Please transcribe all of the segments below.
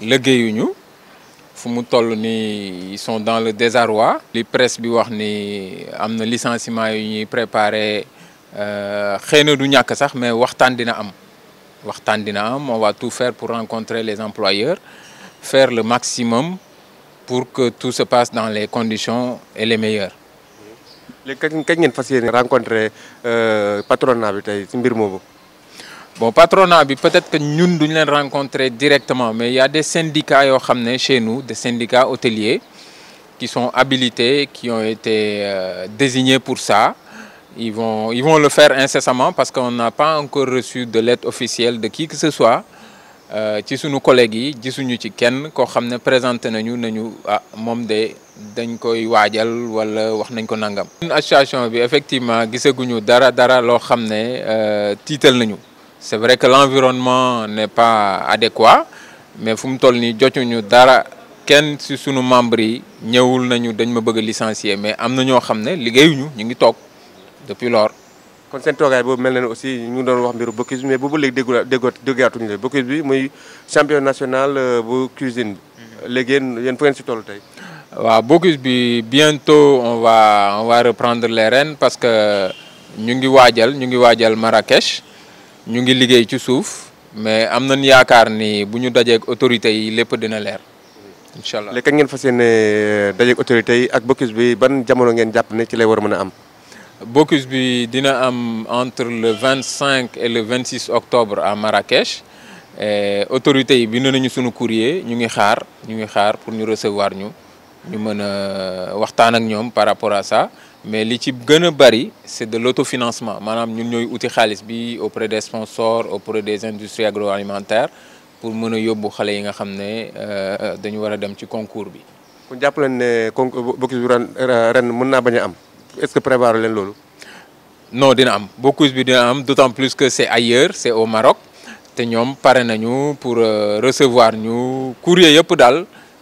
Le ils sont dans le désarroi. Les presse bi wax ni licenciement préparé euh, du mais dina am am on va tout faire pour rencontrer les employeurs faire le maximum pour que tout se passe dans les conditions et les meilleures. léegi kañ vous fas rencontrer le patron de la ville bon patronat bi peut-être que ñun duñ leen rencontrer directement mais il y a des syndicats yo, chez nous des syndicats hôteliers qui sont habilités qui ont été euh, désignés pour ça ils vont ils vont le faire incessamment parce qu'on n'a pas encore reçu de lettre officielle de qui que ce soit euh, ci suñu collègues yi gisuñu ci kenn qui xam ne présenté nañu nañu ah moom de dañ koy waajal wala wax nañ ko nangam. association bi effectivement gisaguñu dara dara loo xam ne euh, tiital nañu c'est vrai que l'environnement n'est pas adéquat mais fum tolni toll jotuñu dara kenn ci sunu membre yi ñewul nañu dañ ma bëgg licencier mais amna ño xamné ligéyuñu ne ñu ngi tok depuis lors. kon sen toogaay boobu mel na aussi ñu ngi doon wax mbiru ba cuisine mais boobu léegi déggu déggu déggaatuñu le ba cuisine bi muy champion national euh, bu cuisine. léegi yeen yéen fu ngeen ci toll tay waaw Bocuse bi bientôt on va on va reprendre les rênes parce que ñu ngi waajal ñu ngi waajal Marrakech. ñu ngi liggéey ci suuf mais am nañ yaakaar ni bu ñu dajeek autorités yi lépp dina leer incha allah léegi ngeen fas yéene euh, dajeek autorités yi ak blocus bi ban jamono ngeen jàpp ne ci lay war a mën a am. blocus bi dina am entre le vingt cinq et le vingt six octobre à Marrakech autorité yi bind nañu sunu courier ñu ngi xaar ñu ngi xaar pour ñu recevoir ñu ñu mën a euh, waxtaan ak ñoom par rapport à sa mais li ci gëna bari c'est de l'autofinancement Nous ñun ñoy outil auprès des sponsors auprès des industries agroalimentaires pour que yobbu xalé yi nga xamné euh dañu wara ci concours bi. vous concours ren euh, am est-ce que vous len lolu non dina am Bocuse bi dina am d'autant plus que c'est ailleurs c'est au Maroc té ñom paré nañu pour euh, recevoir ñu courrier yëpp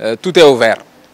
euh, tout est ouvert.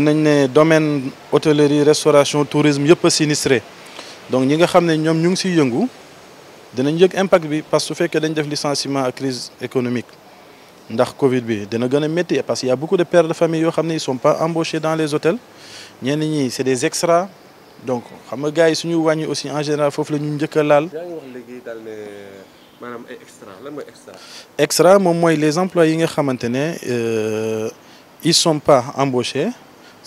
mën nañ domaine hôtellerie restauration tourisme tout est sinistré donc nous savons que nous, ñu ngi avons impact parce que nous avons licenciement à crise économique ndax Covid Nous parce qu'il y a beaucoup de pères de famille qui ne sont pas embauchés dans les hôtels c'est des extras donc nous aussi en général extra les employés ne euh, sont pas embauchés.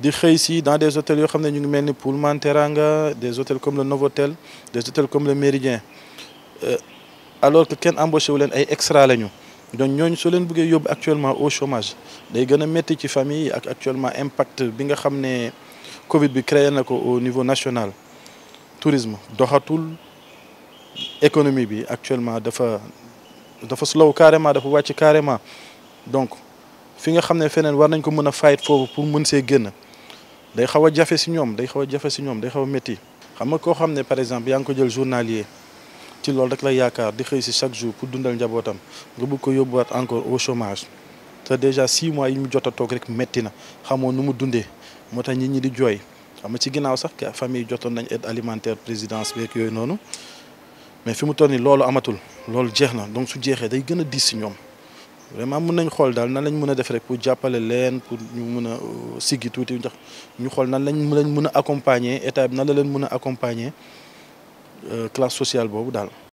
di ici dans des hôtels comme xam ne ñu ngi Pullman Teranga des hôtels comme le Novotel des hôtels comme le Méridien euh, alors que kenn embauché wu leen ay extra lañu donc nous, soo leen bëggee yóbbu actuellement au chômage day gën a métti ci famille ak actuellement impact bi nga xam Covid bi créé au niveau national tourisme doxatul économie bi actuellement dafa dafa slow carrément dafa wàcc carrément donc fi nga xam ne feneen war nañ ko a fight pour pour monter see day xaw a jafe si ñoom day xaw a jafe si ñoom day xaw a métti xam nga koo xam ne par exemple yaa ngi ko jël journalier ci loolu rek la yaakaar di xëy si chaque jour pour dundal njabootam nga bëgg ko yóbbuwaat encore au chômage te déjà six mois yi ñu jot a toog rek métti na xamoo nu mu dundee moo tax nit ñi di jooy xam ci ginnaaw sax famille jotoon nañ aide alimentaire présidence beeg yooyu noonu mais fi mu toll nii loolu amatul loolu jeex na donc su jeexee day gën a diis si ñoom. vraiment mun nañ xool daal nan lañ mën a def rek pour jàppale leen pour ñu mun a euh, siggi tuuti ndax ñu xool nan lañ lañ mën a accompagner état bi nan la leen mën a accompagner euh, classe sociale boobu daal